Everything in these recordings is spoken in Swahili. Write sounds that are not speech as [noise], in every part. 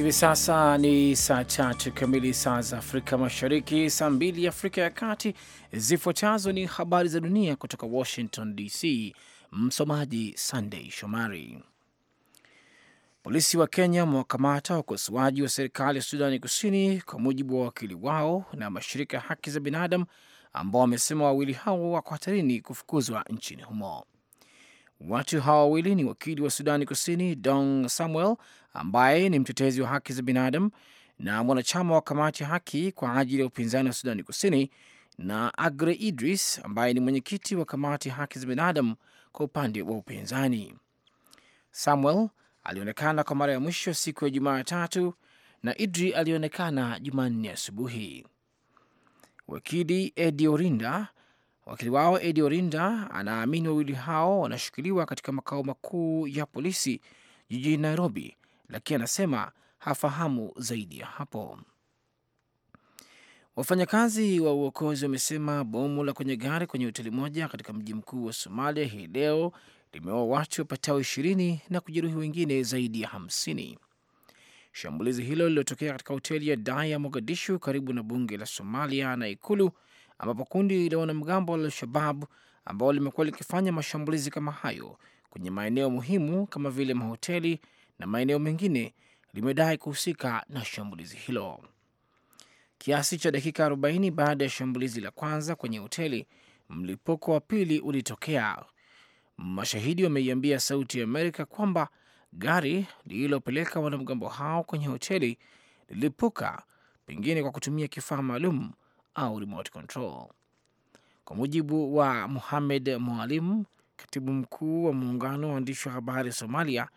Hivi sasa ni saa tatu kamili, saa za Afrika Mashariki, saa mbili Afrika ya Kati. Zifuatazo ni habari za dunia kutoka Washington DC. Msomaji sandey Shomari. Polisi wa Kenya wamewakamata wakosoaji wa serikali ya Sudani Kusini kwa mujibu wa wakili wao na mashirika ya haki za binadamu ambao wamesema wawili hao wako hatarini kufukuzwa nchini humo. Watu hawa wawili ni wakili wa Sudani Kusini Dong Samuel ambaye ni mtetezi wa haki za binadamu na mwanachama wa kamati ya haki kwa ajili ya upinzani wa Sudani Kusini, na Agre Idris ambaye ni mwenyekiti wa kamati haki za binadamu kwa upande wa upinzani. Samuel alionekana kwa mara ya mwisho siku ya Jumatatu na Idri alionekana Jumanne asubuhi. Wakili Edi Orinda, wakili wao Edi Orinda anaamini wawili hao wanashikiliwa katika makao makuu ya polisi jijini Nairobi lakini anasema hafahamu zaidi ya hapo. Wafanyakazi wa uokozi wamesema bomu la kwenye gari kwenye hoteli moja katika mji mkuu wa Somalia hii leo limeua watu wapatao ishirini na kujeruhi wengine zaidi ya hamsini. Shambulizi hilo lililotokea katika hoteli ya da ya Mogadishu karibu na bunge la Somalia na Ikulu, ambapo kundi la wanamgambo la Al-Shabab ambao limekuwa likifanya mashambulizi kama hayo kwenye maeneo muhimu kama vile mahoteli na maeneo mengine limedai kuhusika na shambulizi hilo. Kiasi cha dakika 40 baada ya shambulizi la kwanza kwenye hoteli, mlipuko wa pili ulitokea. Mashahidi wameiambia Sauti ya Amerika kwamba gari lililopeleka wanamgambo hao kwenye hoteli lilipuka, pengine kwa kutumia kifaa maalum au remote control. Kwa mujibu wa Muhamed Mwalim, katibu mkuu wa muungano wa waandishi wa habari Somalia,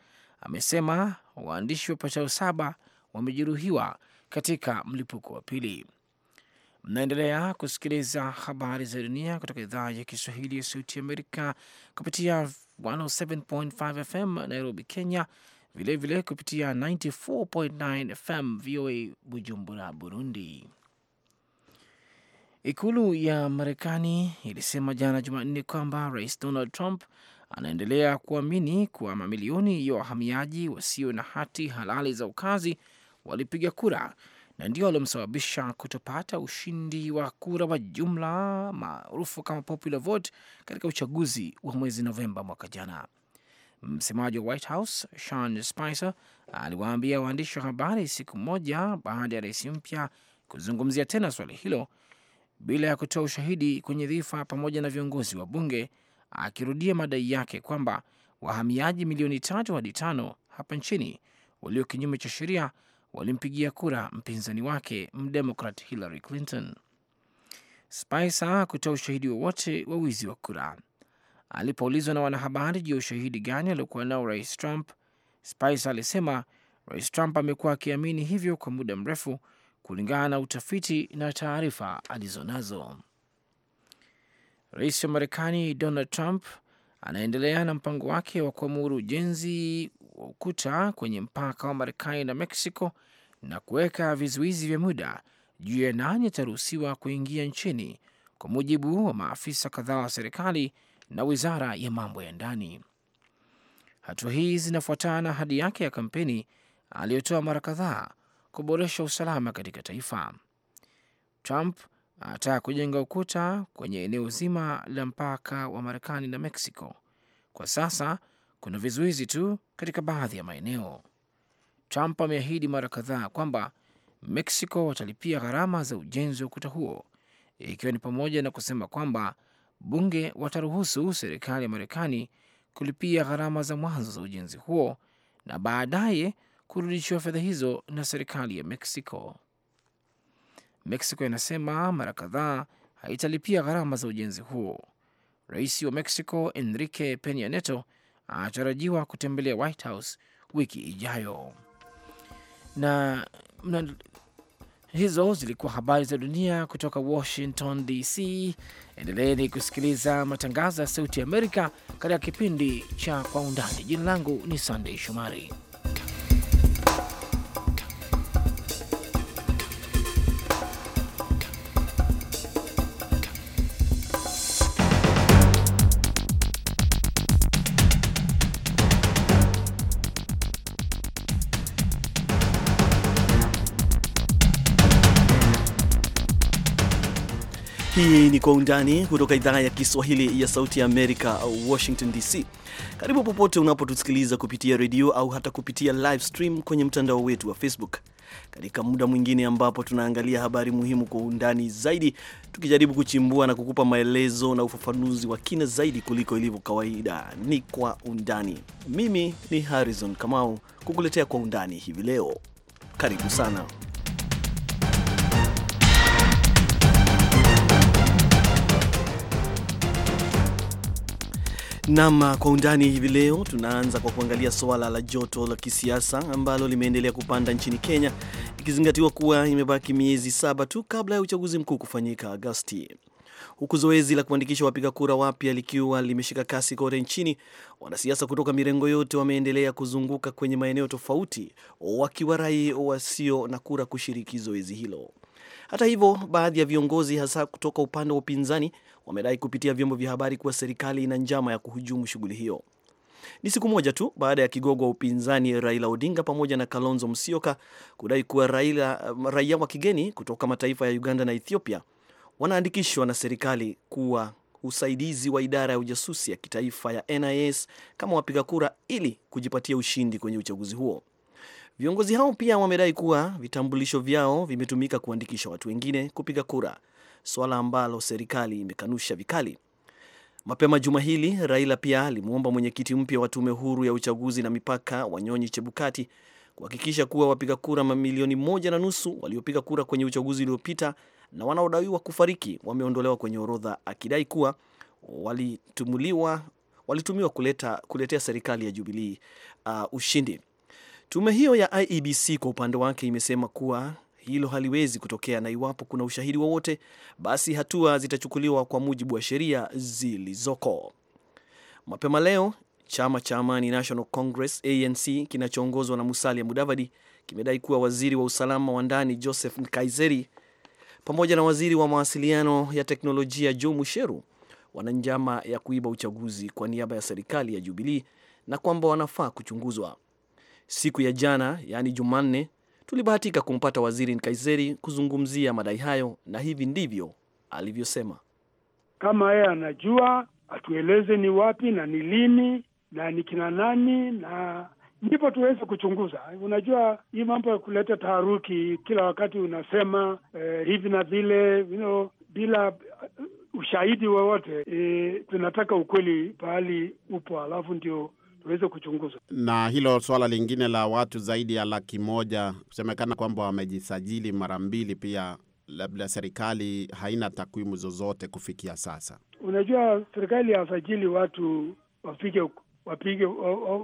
amesema waandishi wapatao saba wamejeruhiwa katika mlipuko wa pili. Mnaendelea kusikiliza habari za dunia kutoka idhaa ya Kiswahili ya Sauti Amerika kupitia 107.5 FM Nairobi, Kenya, vilevile vile kupitia 94.9 FM VOA Bujumbura, Burundi. Ikulu ya Marekani ilisema jana Jumanne kwamba Rais Donald Trump anaendelea kuamini kuwa mamilioni ya wahamiaji wasio na hati halali za ukazi walipiga kura na ndio waliomsababisha kutopata ushindi wa kura wa jumla maarufu kama popular vote katika uchaguzi wa mwezi Novemba mwaka jana. Msemaji wa White House Sean Spicer aliwaambia waandishi wa habari siku moja baada ya rais mpya kuzungumzia tena swali hilo bila ya kutoa ushahidi kwenye dhifa pamoja na viongozi wa bunge akirudia madai yake kwamba wahamiaji milioni tatu hadi tano hapa nchini walio kinyume cha sheria walimpigia kura mpinzani wake mdemokrat Hillary Clinton. Spicer hakutoa ushahidi wowote wa wizi wa kura. Alipoulizwa na wanahabari juu ya ushahidi gani aliokuwa nao rais Trump, Spicer alisema rais Trump amekuwa akiamini hivyo kwa muda mrefu kulingana na utafiti na taarifa alizonazo. Rais wa Marekani Donald Trump anaendelea na mpango wake wa kuamuru ujenzi wa ukuta kwenye mpaka wa Marekani na Mexico na kuweka vizuizi vya muda juu ya nani ataruhusiwa kuingia nchini, kwa mujibu wa maafisa kadhaa wa serikali na wizara ya mambo ya ndani. Hatua hii zinafuatana na hadi yake ya kampeni aliyotoa mara kadhaa kuboresha usalama katika taifa. Trump anataka kujenga ukuta kwenye eneo zima la mpaka wa Marekani na Mexico. Kwa sasa kuna vizuizi tu katika baadhi ya maeneo. Trump ameahidi mara kadhaa kwamba Mexico watalipia gharama za ujenzi wa ukuta huo, ikiwa ni pamoja na kusema kwamba bunge wataruhusu serikali ya Marekani kulipia gharama za mwanzo za ujenzi huo na baadaye kurudishiwa fedha hizo na serikali ya Mexico. Mexico inasema mara kadhaa haitalipia gharama za ujenzi huo. Rais wa Mexico Enrique Penya Nieto anatarajiwa kutembelea White House wiki ijayo. Na, na hizo zilikuwa habari za dunia kutoka Washington DC. Endeleeni kusikiliza matangazo ya Sauti ya Amerika katika kipindi cha Kwa Undani. Jina langu ni Sandei Shomari. Hii ni Kwa Undani kutoka idhaa ya Kiswahili ya Sauti ya Amerika, Washington DC. Karibu popote unapotusikiliza kupitia redio au hata kupitia live stream kwenye mtandao wetu wa Facebook, katika muda mwingine ambapo tunaangalia habari muhimu kwa undani zaidi, tukijaribu kuchimbua na kukupa maelezo na ufafanuzi wa kina zaidi kuliko ilivyo kawaida. Ni Kwa Undani. Mimi ni Harrison Kamau kukuletea Kwa Undani hivi leo. Karibu sana. Nam kwa undani hivi leo, tunaanza kwa kuangalia suala la joto la kisiasa ambalo limeendelea kupanda nchini Kenya, ikizingatiwa kuwa imebaki miezi saba tu kabla ya uchaguzi mkuu kufanyika Agosti. Huku zoezi la kuandikisha wapiga kura wapya likiwa limeshika kasi kote nchini, wanasiasa kutoka mirengo yote wameendelea kuzunguka kwenye maeneo tofauti, wakiwarai wasio na kura kushiriki zoezi hilo. Hata hivyo, baadhi ya viongozi hasa kutoka upande wa upinzani wamedai kupitia vyombo vya habari kuwa serikali ina njama ya kuhujumu shughuli hiyo. Ni siku moja tu baada ya kigogo wa upinzani Raila Odinga pamoja na Kalonzo Musyoka kudai kuwa Raila, raia wa kigeni kutoka mataifa ya Uganda na Ethiopia wanaandikishwa na serikali kuwa usaidizi wa idara ya ujasusi ya kitaifa ya NIS kama wapiga kura ili kujipatia ushindi kwenye uchaguzi huo. Viongozi hao pia wamedai kuwa vitambulisho vyao vimetumika kuandikisha watu wengine kupiga kura suala ambalo serikali imekanusha vikali. Mapema juma hili, Raila pia alimwomba mwenyekiti mpya wa tume huru ya uchaguzi na mipaka Wanyonyi Chebukati kuhakikisha kuwa wapiga kura mamilioni moja na nusu waliopiga kura kwenye uchaguzi uliopita na wanaodaiwa kufariki wameondolewa kwenye orodha, akidai kuwa walitumuliwa walitumiwa kuleta, kuletea serikali ya Jubilii uh, ushindi. Tume hiyo ya IEBC kwa upande wake imesema kuwa hilo haliwezi kutokea, na iwapo kuna ushahidi wowote, basi hatua zitachukuliwa kwa mujibu wa sheria zilizoko. Mapema leo chama cha Amani National Congress ANC kinachoongozwa na Musalia Mudavadi kimedai kuwa waziri wa usalama wa ndani Joseph Nkaiseri pamoja na waziri wa mawasiliano ya teknolojia Joe Musheru wana njama ya kuiba uchaguzi kwa niaba ya serikali ya Jubilii na kwamba wanafaa kuchunguzwa. Siku ya jana, yaani Jumanne, Tulibahatika kumpata Waziri Nkaiseri kuzungumzia madai hayo, na hivi ndivyo alivyosema. Kama yeye anajua atueleze ni wapi na ni lini na ni kina nani, na ndipo tuweze kuchunguza. Unajua, hii mambo ya kuleta taharuki kila wakati unasema eh, hivi na vile you know, bila uh, ushahidi wowote eh, tunataka ukweli pahali upo, alafu ndio liweze kuchunguzwa. Na hilo swala lingine la watu zaidi ya laki moja kusemekana kwamba wamejisajili mara mbili, pia labda serikali haina takwimu zozote kufikia sasa. Unajua, serikali hawasajili watu wafike wapige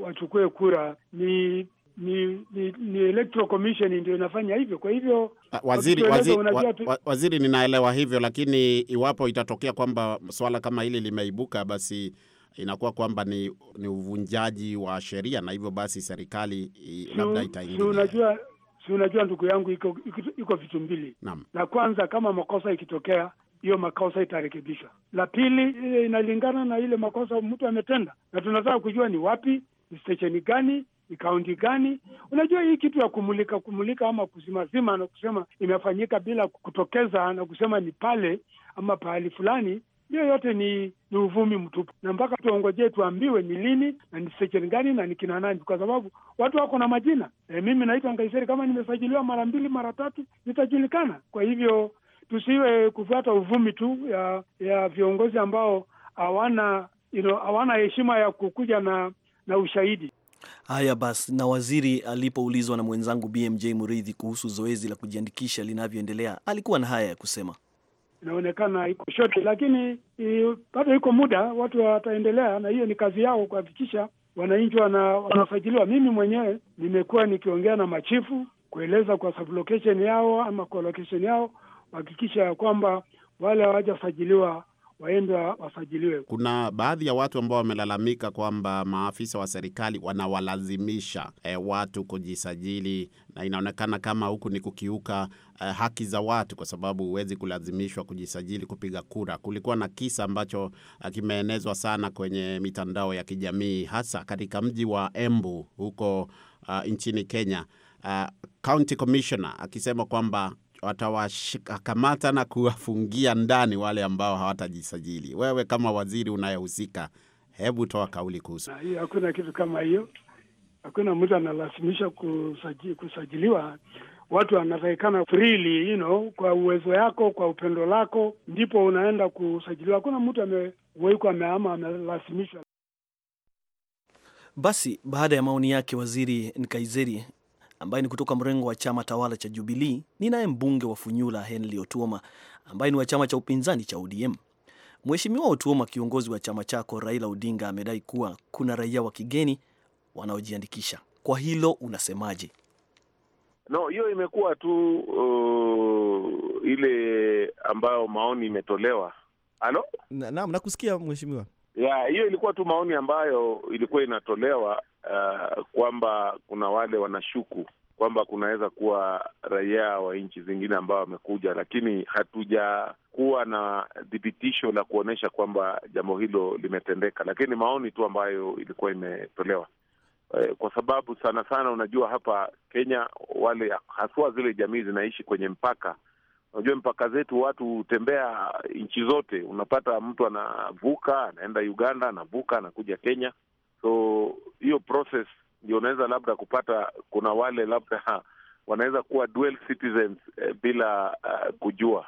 wachukue kura, ni ni ni, ni electoral commission ndio inafanya hivyo. Kwa hivyo ah, waziri waziri, wa, wa, waziri, ninaelewa hivyo, lakini iwapo itatokea kwamba swala kama hili limeibuka, basi inakuwa kwamba ni, ni uvunjaji wa sheria na hivyo basi serikali labda itaingilia. Unajua, si unajua ndugu yangu, iko, iko, iko vitu mbili. Naam. La kwanza kama makosa ikitokea hiyo makosa itarekebishwa. La pili eh, inalingana na ile makosa mtu ametenda, na tunataka kujua ni wapi, ni stesheni gani, ni kaunti gani. Unajua hii kitu ya kumulika kumulika ama kuzimazima na kusema imefanyika bila kutokeza na kusema ni pale ama pahali fulani, hiyo yote ni ni uvumi mtupu, na mpaka tuongojee tuambiwe ni lini na ni sesheni gani na ni kina nani, kwa sababu watu wako na majina. E, mimi naitwa Ngaiseri, kama nimesajiliwa mara mbili mara tatu nitajulikana. Kwa hivyo tusiwe kufuata uvumi tu ya ya viongozi ambao hawana you know, hawana heshima ya kukuja na na ushahidi. Haya basi, na waziri alipoulizwa na mwenzangu BMJ Muridhi kuhusu zoezi la kujiandikisha linavyoendelea, alikuwa na haya ya kusema inaonekana iko shoti, lakini bado iko muda, watu wataendelea na hiyo ni kazi yao kuhakikisha wananchi wanafuatiliwa. Mimi mwenyewe nimekuwa nikiongea na machifu kueleza kwa sublocation yao ama kwa location yao kuhakikisha ya kwamba wale hawajasajiliwa waende wasajiliwe. Kuna baadhi ya watu ambao wamelalamika kwamba maafisa wa serikali wanawalazimisha e, watu kujisajili, na inaonekana kama huku ni kukiuka e, haki za watu, kwa sababu huwezi kulazimishwa kujisajili kupiga kura. Kulikuwa na kisa ambacho eh, kimeenezwa sana kwenye mitandao ya kijamii, hasa katika mji wa Embu huko uh, nchini Kenya, uh, county commissioner akisema kwamba watawakamata na kuwafungia ndani wale ambao hawatajisajili. Wewe kama waziri unayehusika, hebu toa kauli kuhusu hiyo. Hakuna kitu kama hiyo, hakuna mtu analazimisha kusaji, kusajiliwa. Watu wanatakikana freely, you know, kwa uwezo yako, kwa upendo lako, ndipo unaenda kusajiliwa. Hakuna mtu amewekwa ameama amelazimishwa. Basi baada ya maoni yake Waziri Nkaizeri ambaye ni kutoka mrengo wa chama tawala cha jubilii ni naye mbunge wa Funyula Henry Otuoma ambaye ni wa chama cha upinzani cha ODM. Mheshimiwa Otuoma, kiongozi wa chama chako Raila Odinga amedai kuwa kuna raia wa kigeni wanaojiandikisha. Kwa hilo unasemaje? No, hiyo imekuwa tu uh, ile ambayo maoni imetolewa. Halo, naam, nakusikia mheshimiwa. Ya, hiyo ilikuwa tu maoni ambayo ilikuwa inatolewa uh, kwamba kuna wale wanashuku kwamba kunaweza kuwa raia wa nchi zingine ambao wamekuja, lakini hatujakuwa na thibitisho la kuonyesha kwamba jambo hilo limetendeka, lakini maoni tu ambayo ilikuwa imetolewa eh, kwa sababu sana sana, unajua hapa Kenya wale haswa zile jamii zinaishi kwenye mpaka. Unajua mpaka zetu watu hutembea nchi zote, unapata mtu anavuka anaenda Uganda, anavuka anakuja Kenya. So hiyo process ndio unaweza labda kupata, kuna wale labda [laughs] wanaweza kuwa dual citizens eh, bila uh, kujua.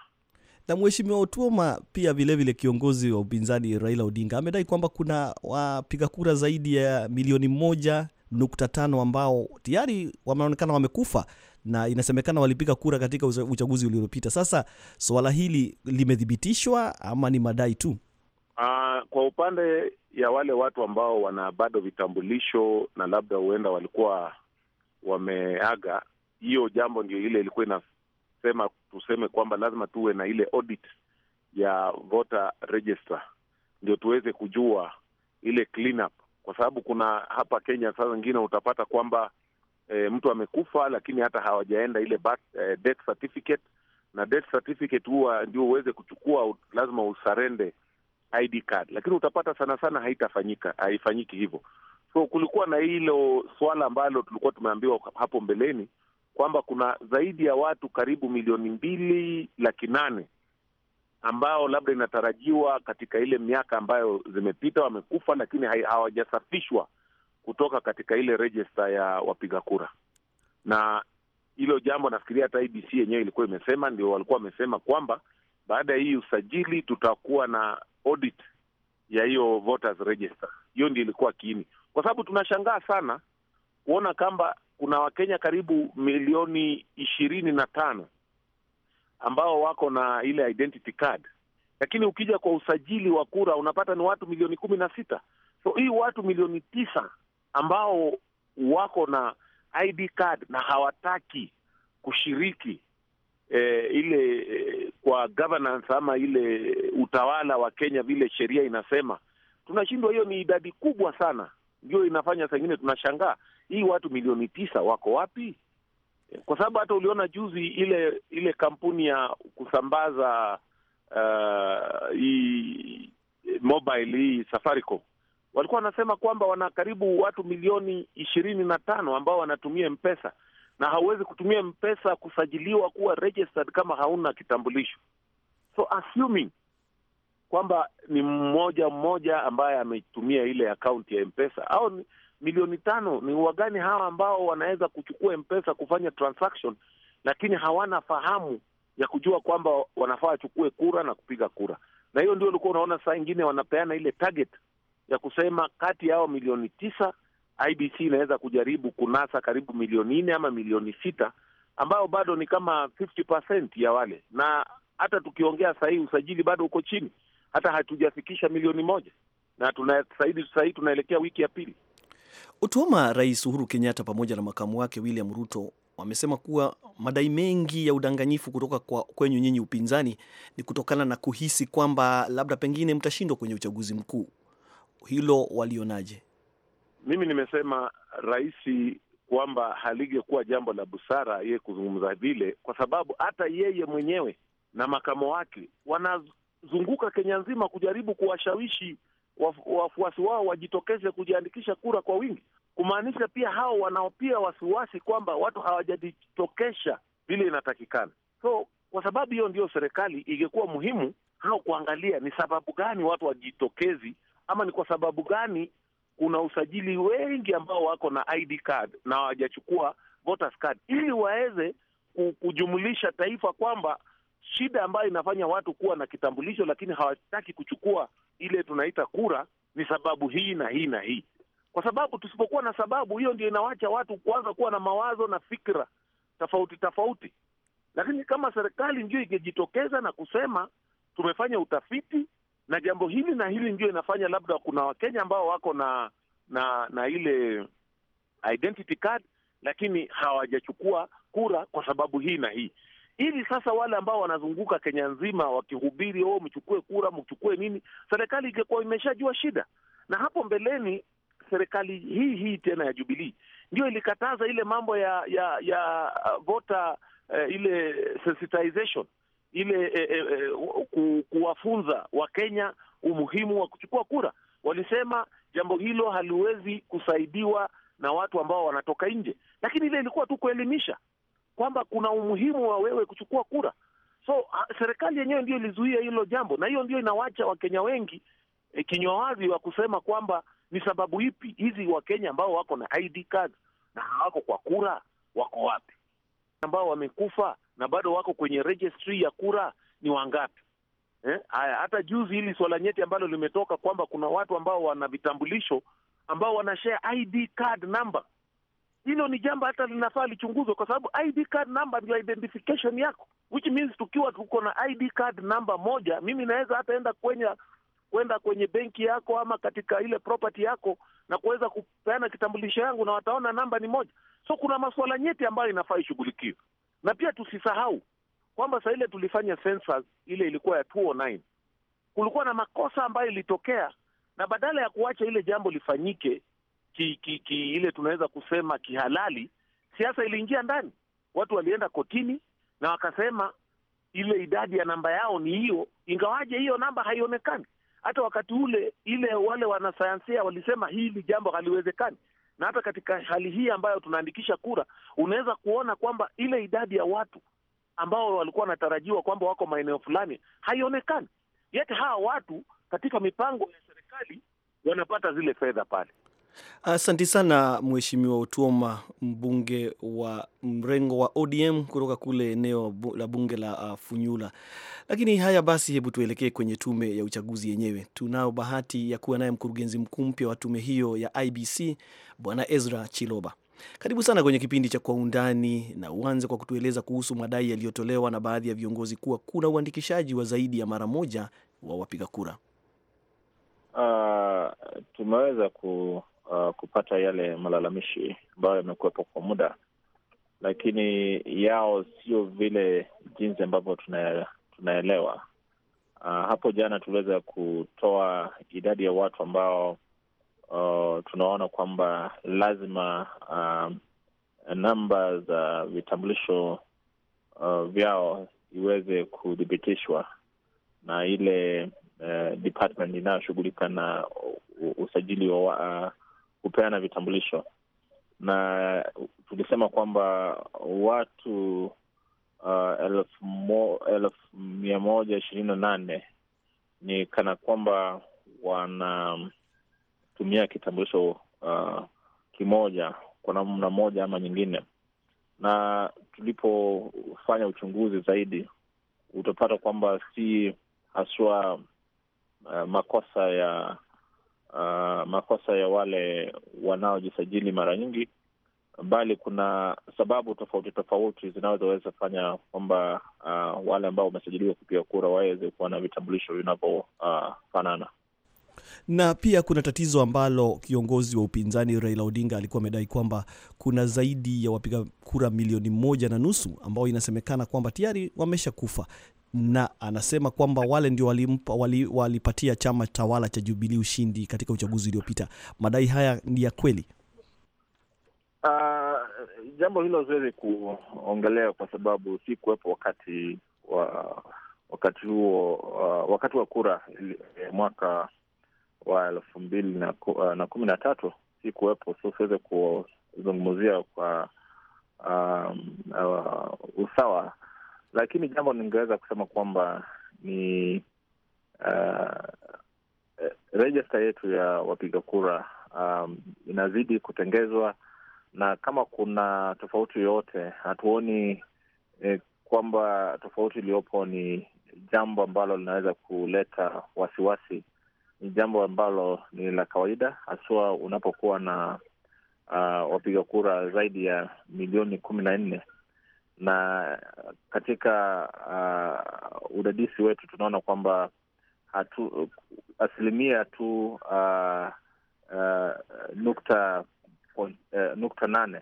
Na Mheshimiwa Otuoma pia vilevile, kiongozi wa upinzani Raila Odinga amedai kwamba kuna wapiga kura zaidi ya milioni moja nukta tano ambao tayari wameonekana wamekufa na inasemekana walipiga kura katika uchaguzi uliopita. Sasa suala hili limethibitishwa ama ni madai tu? Uh, kwa upande ya wale watu ambao wana bado vitambulisho na labda huenda walikuwa wameaga, hiyo jambo ndio ile ilikuwa inasema tuseme kwamba lazima tuwe na ile audit ya voter register ndio tuweze kujua ile clean up, kwa sababu kuna hapa Kenya saa zingine utapata kwamba e, mtu amekufa lakini hata hawajaenda ile birth, e, death certificate na death certificate huwa ndio uweze kuchukua, lazima usarende ID card, lakini utapata sana sana haitafanyika, haifanyiki hivyo. So kulikuwa na hilo swala ambalo tulikuwa tumeambiwa hapo mbeleni kwamba kuna zaidi ya watu karibu milioni mbili laki nane ambao labda inatarajiwa katika ile miaka ambayo zimepita wamekufa, lakini hawajasafishwa kutoka katika ile rejista ya wapiga kura. Na hilo jambo nafikiria hata IBC yenyewe ilikuwa imesema, ndio walikuwa wamesema kwamba baada ya hii usajili tutakuwa na audit ya hiyo voters register. Hiyo ndio ilikuwa kiini, kwa sababu tunashangaa sana kuona kwamba kuna Wakenya karibu milioni ishirini na tano ambao wako na ile identity card, lakini ukija kwa usajili wa kura unapata ni watu milioni kumi na sita. So hii watu milioni tisa ambao wako na ID card na hawataki kushiriki eh, ile eh, kwa governance ama ile utawala wa Kenya vile sheria inasema, tunashindwa. Hiyo ni idadi kubwa sana, ndio inafanya saa tunashangaa hii watu milioni tisa wako wapi? Eh, kwa sababu hata uliona juzi ile ile kampuni ya kusambaza uh, hii mobile hii Safaricom walikuwa wanasema kwamba wana karibu watu milioni ishirini na tano ambao wanatumia Mpesa na hauwezi kutumia mpesa kusajiliwa kuwa registered kama hauna kitambulisho. So assuming kwamba ni mmoja mmoja ambaye ametumia ile akaunti ya mpesa au milioni tano, ni wagani hawa ambao wanaweza kuchukua mpesa kufanya transaction, lakini hawana fahamu ya kujua kwamba wanafaa wachukue kura na kupiga kura. Na hiyo ndio ulikuwa unaona saa ingine wanapeana ile target ya kusema kati yao milioni tisa IBC inaweza kujaribu kunasa karibu milioni nne ama milioni sita ambayo bado ni kama 50% ya wale, na hata tukiongea sahii usajili bado uko chini, hata hatujafikisha milioni moja na tuna sahii tunaelekea wiki ya pili. Utuma Rais Uhuru Kenyatta pamoja na makamu wake William Ruto wamesema kuwa madai mengi ya udanganyifu kutoka kwa kwenyu nyinyi upinzani ni kutokana na kuhisi kwamba labda pengine mtashindwa kwenye uchaguzi mkuu. Hilo walionaje? Mimi nimesema rahisi kwamba halingekuwa jambo la busara yeye kuzungumza vile, kwa sababu hata yeye mwenyewe na makamo wake wanazunguka Kenya nzima kujaribu kuwashawishi wafuasi wao wajitokeze kujiandikisha kura kwa wingi, kumaanisha pia hao wanaopia wasiwasi kwamba watu hawajajitokesha vile inatakikana. So kwa sababu hiyo, ndiyo serikali ingekuwa muhimu hao kuangalia ni sababu gani watu wajitokezi, ama ni kwa sababu gani kuna usajili wengi ambao wako na ID card na hawajachukua voters card, ili waweze kujumulisha taifa kwamba shida ambayo inafanya watu kuwa na kitambulisho lakini hawataki kuchukua ile tunaita kura ni sababu hii na hii na hii, kwa sababu tusipokuwa na sababu hiyo, ndio inawacha watu kuanza kuwa na mawazo na fikra tofauti tofauti. Lakini kama serikali ndio ingejitokeza na kusema tumefanya utafiti na jambo hili na hili ndio inafanya labda kuna Wakenya ambao wako na na na ile identity card lakini hawajachukua kura kwa sababu hii na hii, ili sasa wale ambao wanazunguka Kenya nzima wakihubiri oh, mchukue kura mchukue nini, serikali ingekuwa imeshajua shida. Na hapo mbeleni serikali hii hii tena ya jubilii ndio ilikataza ile mambo ya ya ya uh, vota uh, ile sensitization ile e, e, e, ku, kuwafunza Wakenya umuhimu wa kuchukua kura. Walisema jambo hilo haliwezi kusaidiwa na watu ambao wanatoka nje, lakini ile ilikuwa tu kuelimisha kwamba kuna umuhimu wa wewe kuchukua kura. So serikali yenyewe ndio ilizuia hilo jambo, na hiyo ndio inawacha Wakenya wengi e, kinywa wazi wa kusema kwamba ni sababu ipi hizi Wakenya ambao wako na ID card na hawako kwa kura wako wapi? Ambao wamekufa na bado wako kwenye registry ya kura ni wangapi? Eh, hata juzi hili swala nyeti ambalo limetoka kwamba kuna watu ambao wana vitambulisho ambao wanashare ID card number. Hilo ni jambo hata linafaa lichunguzwe, kwa sababu ID card number ndio identification yako, which means tukiwa tuko na ID card number moja, mimi naweza hata enda kwenye kwenda kwenye benki yako ama katika ile property yako na kuweza kupeana kitambulisho yangu na wataona namba ni moja. So kuna masuala nyeti ambayo inafaa ishughulikiwe. Na pia tusisahau kwamba saa ile tulifanya census ile ilikuwa ya 2009 kulikuwa na makosa ambayo ilitokea, na badala ya kuacha ile jambo lifanyike ki, ki, ki ile tunaweza kusema kihalali, siasa iliingia ndani. Watu walienda kotini na wakasema ile idadi ya namba yao ni hiyo, ingawaje hiyo namba haionekani. Hata wakati ule ile wale wanasayansia walisema hili jambo haliwezekani, na hata katika hali hii ambayo tunaandikisha kura, unaweza kuona kwamba ile idadi ya watu ambao walikuwa wanatarajiwa kwamba wako maeneo fulani haionekani, yet hawa watu katika mipango ya serikali wanapata zile fedha pale asanti sana Mheshimiwa utuoma mbunge wa mrengo wa ODM kutoka kule eneo la bunge la uh, Funyula. Lakini haya basi, hebu tuelekee kwenye tume ya uchaguzi yenyewe. tunayo bahati ya kuwa naye mkurugenzi mkuu mpya wa tume hiyo ya IBC, Bwana Ezra Chiloba. Karibu sana kwenye kipindi cha Kwa Undani, na uanze kwa kutueleza kuhusu madai yaliyotolewa na baadhi ya viongozi kuwa kuna uandikishaji wa zaidi ya mara moja wa wapiga kura. Uh, tumeweza ku uh, kupata yale malalamishi ambayo yamekuwepo kwa muda, lakini yao sio vile jinsi ambavyo tunaelewa. Uh, hapo jana tuliweza kutoa idadi ya watu ambao uh, tunaona kwamba lazima uh, namba za vitambulisho uh, vyao iweze kuthibitishwa na ile uh, department inayoshughulika na usajili wa uh, kupeana vitambulisho, na tulisema kwamba watu uh, elfu mo, elfu mia moja ishirini na nane ni kana kwamba wanatumia kitambulisho uh, kimoja kwa namna moja ama nyingine, na tulipofanya uchunguzi zaidi utapata kwamba si haswa uh, makosa ya uh, makosa ya wale wanaojisajili mara nyingi, bali kuna sababu tofauti tofauti zinazoweza fanya kwamba uh, wale ambao wamesajiliwa kupiga kura waweze kuwa na vitambulisho vinavyofanana. Uh, na pia kuna tatizo ambalo kiongozi wa upinzani Raila Odinga alikuwa amedai kwamba kuna zaidi ya wapiga kura milioni moja na nusu ambao inasemekana kwamba tayari wamesha kufa na anasema kwamba wale ndio walimpa, wali, walipatia chama tawala cha jubili ushindi katika uchaguzi uliopita. Madai haya ni ya kweli? Uh, jambo hilo ziwezi kuongelea kwa sababu si kuwepo wakati wa wakati huo uh, wakati wa kura eh, mwaka wa elfu mbili na, uh, na kumi na tatu si kuwepo, so siweze kuzungumzia kwa um, uh, usawa lakini jambo ningeweza kusema kwamba ni uh, rejista yetu ya wapiga kura um, inazidi kutengezwa, na kama kuna tofauti yoyote hatuoni eh, kwamba tofauti iliyopo ni jambo ambalo linaweza kuleta wasiwasi. Ni jambo ambalo ni la kawaida, haswa unapokuwa na uh, wapiga kura zaidi ya milioni kumi na nne na katika uh, udadisi wetu tunaona kwamba hatu, asilimia tu uh, uh, nukta uh, nukta nane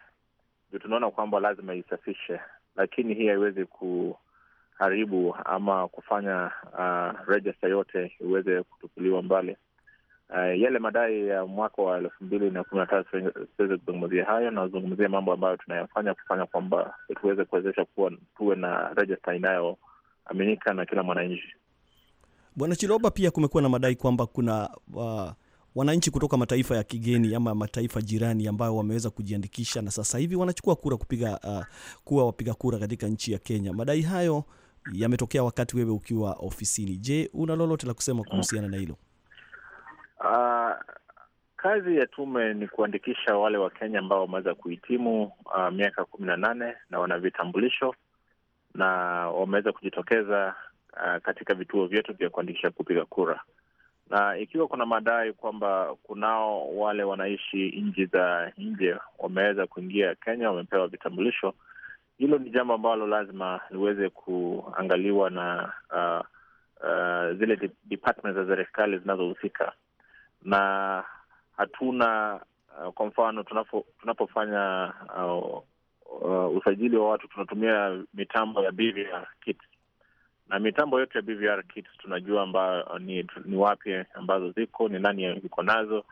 ndio tunaona kwamba lazima isafishe, lakini hii haiwezi kuharibu ama kufanya uh, rejista yote iweze kutupuliwa mbali. Uh, yale madai ya mwaka wa elfu mbili na kumi na tatu siweze kuzungumzia hayo, nazungumzia mambo ambayo tunayafanya kufanya kwamba tuweze kuwezesha kuwa tuwe na rejista inayoaminika na kila mwananchi. Bwana chiroba pia kumekuwa na madai kwamba kuna uh, wananchi kutoka mataifa ya kigeni ama mataifa jirani ambayo wameweza kujiandikisha na sasa hivi wanachukua kura kupiga uh, kuwa wapiga kura katika nchi ya Kenya. Madai hayo yametokea wakati wewe ukiwa ofisini. Je, una lolote la kusema kuhusiana na hilo? Uh, kazi ya tume ni kuandikisha wale Wakenya ambao wameweza kuhitimu uh, miaka kumi na nane na wana vitambulisho na wameweza kujitokeza uh, katika vituo vyetu vya kuandikisha kupiga kura, na ikiwa kuna madai kwamba kunao wale wanaishi nchi za nje wameweza kuingia Kenya, wamepewa vitambulisho, hilo ni jambo ambalo lazima liweze kuangaliwa na uh, uh, zile za serikali zinazohusika na hatuna uh, kwa mfano tunapofanya uh, uh, usajili wa watu tunatumia mitambo ya BVR kits na mitambo yote ya BVR kits tunajua amba, uh, ni, ni wapi ambazo ziko ni nani iko nazo,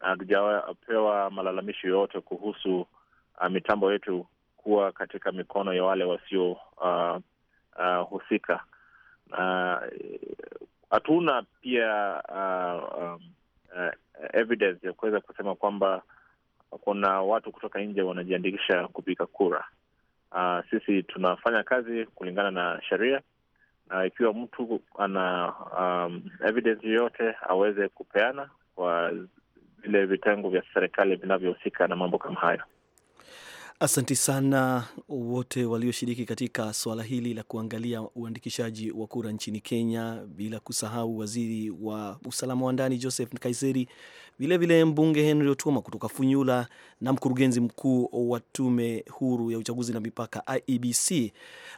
na hatujapewa malalamishi yoyote kuhusu uh, mitambo yetu kuwa katika mikono ya wale wasiohusika uh, uh, na uh, hatuna pia uh, um, evidence ya kuweza kusema kwamba kuna watu kutoka nje wanajiandikisha kupiga kura. Uh, sisi tunafanya kazi kulingana na sheria na uh, ikiwa mtu ana um, evidence yoyote aweze kupeana kwa vile vitengo vya serikali vinavyohusika na mambo kama hayo. Asanti sana wote walioshiriki katika suala hili la kuangalia uandikishaji wa kura nchini Kenya, bila kusahau waziri wa usalama wa ndani Joseph Kaiseri, vilevile mbunge Henry Otuoma kutoka Funyula na mkurugenzi mkuu wa tume huru ya uchaguzi na mipaka IEBC,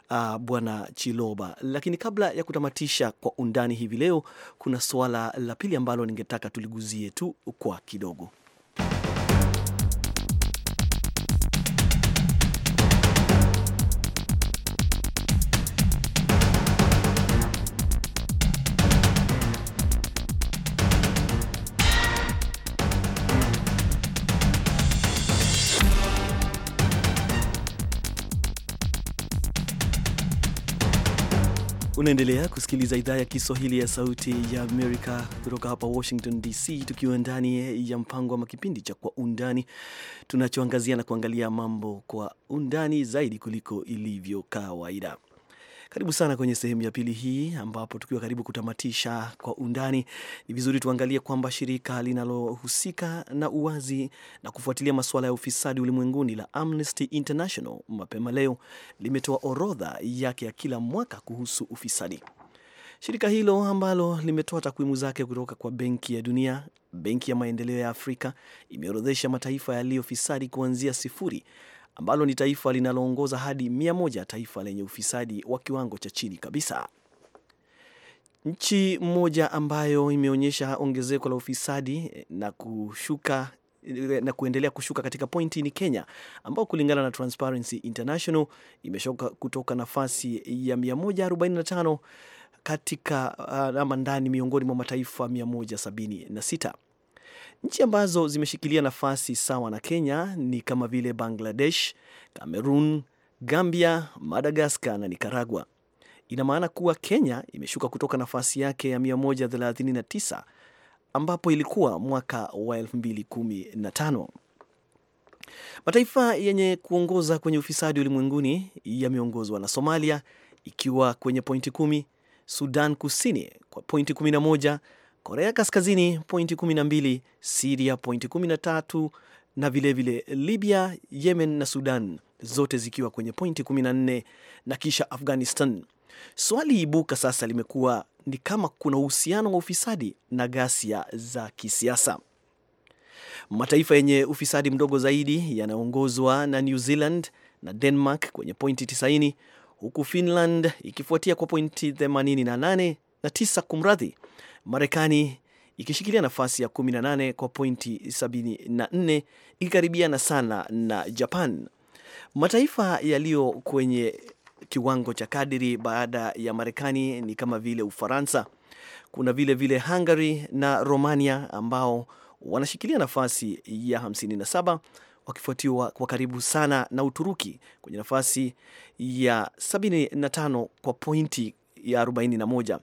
uh, bwana Chiloba. Lakini kabla ya kutamatisha kwa undani hivi leo, kuna suala la pili ambalo ningetaka tuliguzie tu kwa kidogo. Unaendelea kusikiliza idhaa ya Kiswahili ya Sauti ya Amerika kutoka hapa Washington DC, tukiwa ndani ya mpango wa kipindi cha Kwa Undani, tunachoangazia na kuangalia mambo kwa undani zaidi kuliko ilivyo kawaida. Karibu sana kwenye sehemu ya pili hii, ambapo tukiwa karibu kutamatisha kwa undani, ni vizuri tuangalie kwamba shirika linalohusika na uwazi na kufuatilia masuala ya ufisadi ulimwenguni la Amnesty International mapema leo limetoa orodha yake ya kila mwaka kuhusu ufisadi. Shirika hilo ambalo limetoa takwimu zake kutoka kwa Benki ya Dunia, Benki ya Maendeleo ya Afrika imeorodhesha mataifa yaliyofisadi kuanzia sifuri ambalo ni taifa linaloongoza hadi mia moja taifa lenye ufisadi wa kiwango cha chini kabisa. Nchi moja ambayo imeonyesha ongezeko la ufisadi eh, na kushuka eh, na kuendelea kushuka katika pointi ni Kenya, ambao kulingana na Transparency International imeshuka kutoka nafasi ya 145 katika ah, ama ndani miongoni mwa mataifa 176. Nchi ambazo zimeshikilia nafasi sawa na Kenya ni kama vile Bangladesh, Cameroon, Gambia, Madagaskar na Nicaragua. Ina maana kuwa Kenya imeshuka kutoka nafasi yake ya 139 ambapo ilikuwa mwaka wa 2015. Mataifa yenye kuongoza kwenye ufisadi ulimwenguni yameongozwa na Somalia ikiwa kwenye pointi kumi, Sudan Kusini kwa pointi 11, Korea Kaskazini pointi 12, Siria pointi 13 na vilevile vile Libya, Yemen na Sudan zote zikiwa kwenye pointi 14 na kisha Afghanistan. Swali ibuka sasa limekuwa ni kama kuna uhusiano wa ufisadi na ghasia za kisiasa. Mataifa yenye ufisadi mdogo zaidi yanaongozwa na New Zealand na Denmark kwenye pointi 90 huku Finland ikifuatia kwa pointi 88 na 9 kumradhi, Marekani ikishikilia nafasi ya 18 kwa pointi 74 ikikaribiana sana na Japan. Mataifa yaliyo kwenye kiwango cha kadiri baada ya Marekani ni kama vile Ufaransa, kuna vile vile Hungary na Romania ambao wanashikilia nafasi ya 57 wakifuatiwa kwa karibu sana na Uturuki kwenye nafasi ya 75 kwa pointi ya 41.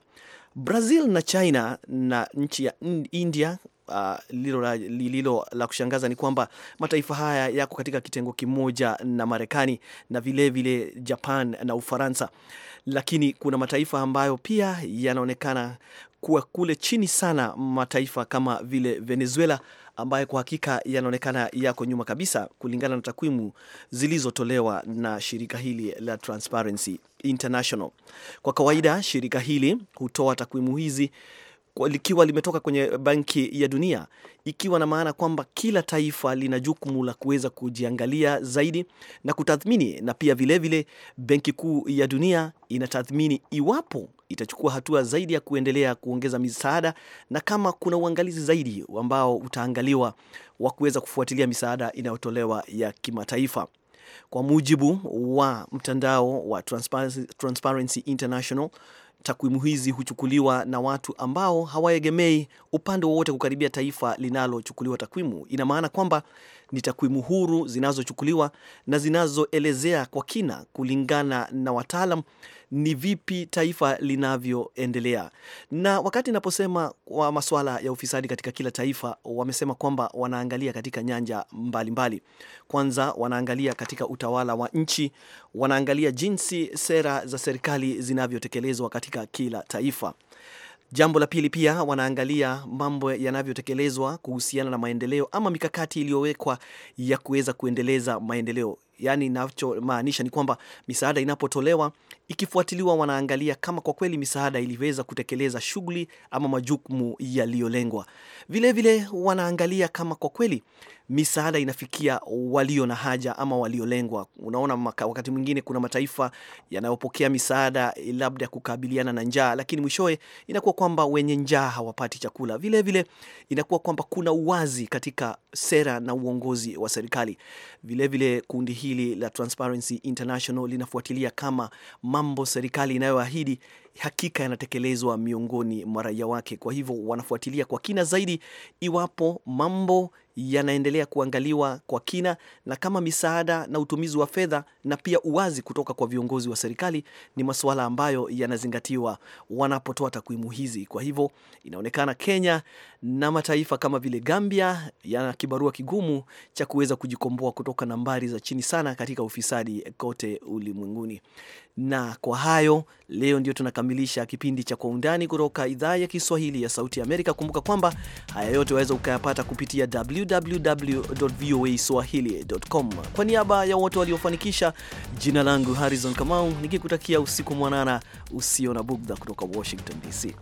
Brazil na China na nchi ya India Uh, lilo la, lililo la kushangaza ni kwamba mataifa haya yako katika kitengo kimoja na Marekani na vilevile vile Japan na Ufaransa, lakini kuna mataifa ambayo pia yanaonekana kuwa kule chini sana, mataifa kama vile Venezuela ambayo kwa hakika yanaonekana yako nyuma kabisa kulingana na takwimu zilizotolewa na shirika hili la Transparency International. Kwa kawaida shirika hili hutoa takwimu hizi likiwa limetoka kwenye Benki ya Dunia, ikiwa na maana kwamba kila taifa lina jukumu la kuweza kujiangalia zaidi na kutathmini, na pia vilevile Benki Kuu ya Dunia inatathmini iwapo itachukua hatua zaidi ya kuendelea kuongeza misaada na kama kuna uangalizi zaidi ambao utaangaliwa wa kuweza kufuatilia misaada inayotolewa ya kimataifa. Kwa mujibu wa mtandao wa Transparency International, Takwimu hizi huchukuliwa na watu ambao hawaegemei upande wowote kukaribia taifa linalochukuliwa takwimu. Ina maana kwamba ni takwimu huru zinazochukuliwa na zinazoelezea kwa kina, kulingana na wataalam, ni vipi taifa linavyoendelea. Na wakati inaposema kwa masuala ya ufisadi katika kila taifa, wamesema kwamba wanaangalia katika nyanja mbalimbali mbali kwanza wanaangalia katika utawala wa nchi, wanaangalia jinsi sera za serikali zinavyotekelezwa katika kila taifa. Jambo la pili, pia wanaangalia mambo yanavyotekelezwa kuhusiana na maendeleo ama mikakati iliyowekwa ya kuweza kuendeleza maendeleo. Yaani, inachomaanisha ni kwamba misaada inapotolewa ikifuatiliwa, wanaangalia kama kwa kweli misaada iliweza kutekeleza shughuli ama majukumu yaliyolengwa. Vilevile wanaangalia kama kwa kweli misaada inafikia walio na haja ama waliolengwa. Unaona, wakati mwingine kuna mataifa yanayopokea misaada eh, labda kukabiliana na njaa, lakini mwishowe inakuwa kwamba wenye njaa hawapati chakula. Vilevile inakuwa kwamba kuna uwazi katika sera na uongozi wa serikali. Vilevile kundi hili la Transparency International linafuatilia kama mambo serikali inayoahidi hakika yanatekelezwa miongoni mwa raia wake. Kwa hivyo wanafuatilia kwa kina zaidi iwapo mambo yanaendelea kuangaliwa kwa kina, na kama misaada na utumizi wa fedha na pia uwazi kutoka kwa viongozi wa serikali ni masuala ambayo yanazingatiwa wanapotoa takwimu hizi. Kwa hivyo inaonekana Kenya na mataifa kama vile Gambia yana kibarua kigumu cha kuweza kujikomboa kutoka nambari za chini sana katika ufisadi kote ulimwenguni na kwa hayo leo ndio tunakamilisha kipindi cha Kwa Undani kutoka idhaa ya Kiswahili ya Sauti ya Amerika. Kumbuka kwamba haya yote waweza ukayapata kupitia www voa swahilicom Kwa niaba ya wote waliofanikisha, jina langu Harrison Kamau nikikutakia usiku mwanana usio na bugdha kutoka Washington DC.